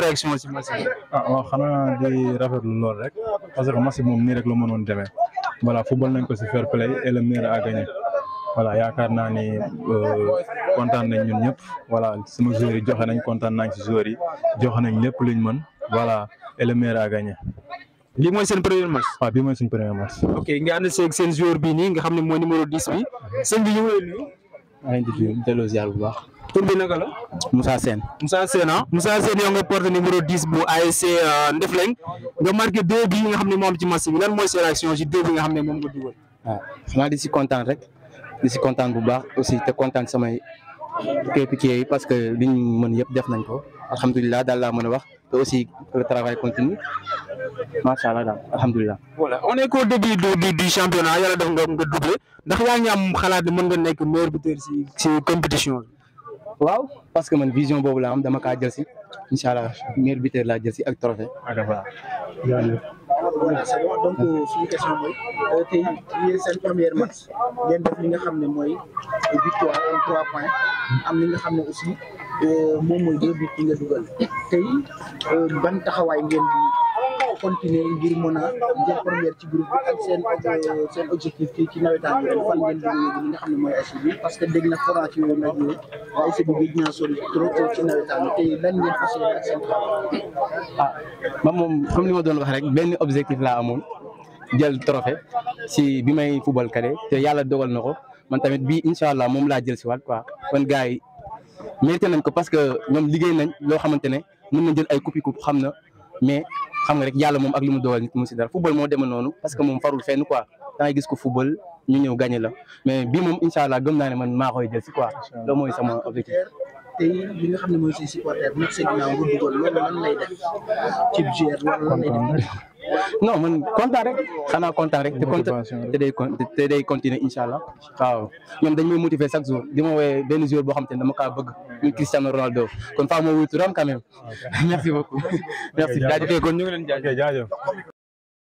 réaction si match bi. ah waaw xanaa di rafetlu loolu rek parce que match moom nii rek la mënoon demee voilà football nañ ko si fair play et a gagné voilà yaakaar naa ni euh, kontaan nañ ñun ñëpp voilà sama joueurs yi joxe nañ kontaan nañ si joueurs yi joxe nañ lépp luñ mën voilà et le meilleur a gagné. lii mooy seen premier match. waaw ah, bii mooy suñ premier match. ok nga ànd seeg seen joueur bii nii nga xam ne mooy numéro 10 bi sëñ bi ngi lay nuyu. maa ngi leen di delloo ziar bu baax. tur bi naka la. Moussa Sène. Moussa Sène ah Moussa Sène yow nga porte numéro 10 bu ASC euh, Ndefleng nga marqué deux nga xam ne moom ci match bi lan mooy sa réaction ci deux nga xam ne moom nga dugal. waaw ah, si kontaan rek si kontaan bu baax aussi te kontaan samay coéquipiers yi parce que liñ mën yëpp def nañ ko alhamdulilah daal laa mën a wax te aussi le travail continue macha allah daal alhamdulilah. voilà on est qu'au début du du du championnat def nga nga ndax yaa ngi am xalaat ne mën nga nekk meilleur buteur si si compétition bi. waaw parce que man vision boobu laa am dama ka jël si incha allah meilleur buteur laa jël si ak trophée. donc euh, suñu question mooy euh, tey yéen seen première match ngeen def li nga xam ne mooy victoire am trois points am li nga xam ne aussi euh, moom mooy deux buts yi nga dugal tey ban taxawaay ngeen bi continuer ngir mën a jël euh, xam ne ah, moom comme li ma doon wax rek benn objectif laa amoon jël trophée si bi may football kare te yàlla dogal na ko man tamit bi incha allah moom laa jël si waat quoi kon gars yi mérité nañ ko parce que ñoom liggéey nañ loo xamante ne mën nañ jël ay coupe coupe xam na mais xam nga rek yàlla moom ak li mu dogal nit mu si dara football moo demee noonu parce que moom farul fenn quoi da gis ko football ñu ñëw gagné la mais bii moom incha allah gëm naa ne man maa koy jël si quoi loolu mooy sama objectif. tey li nga si supporter non man kontaan rek xanaa kontaan rek. te day te day continuer incha allah waaw ñoom dañ may motiver chaque jour di ma woowee benn jour boo xam te ne dama bëgg muy Cristiano Ronaldo kon faa ma wuy merci beaucoup merci jaajëf kon ñu ngi leen jaajëf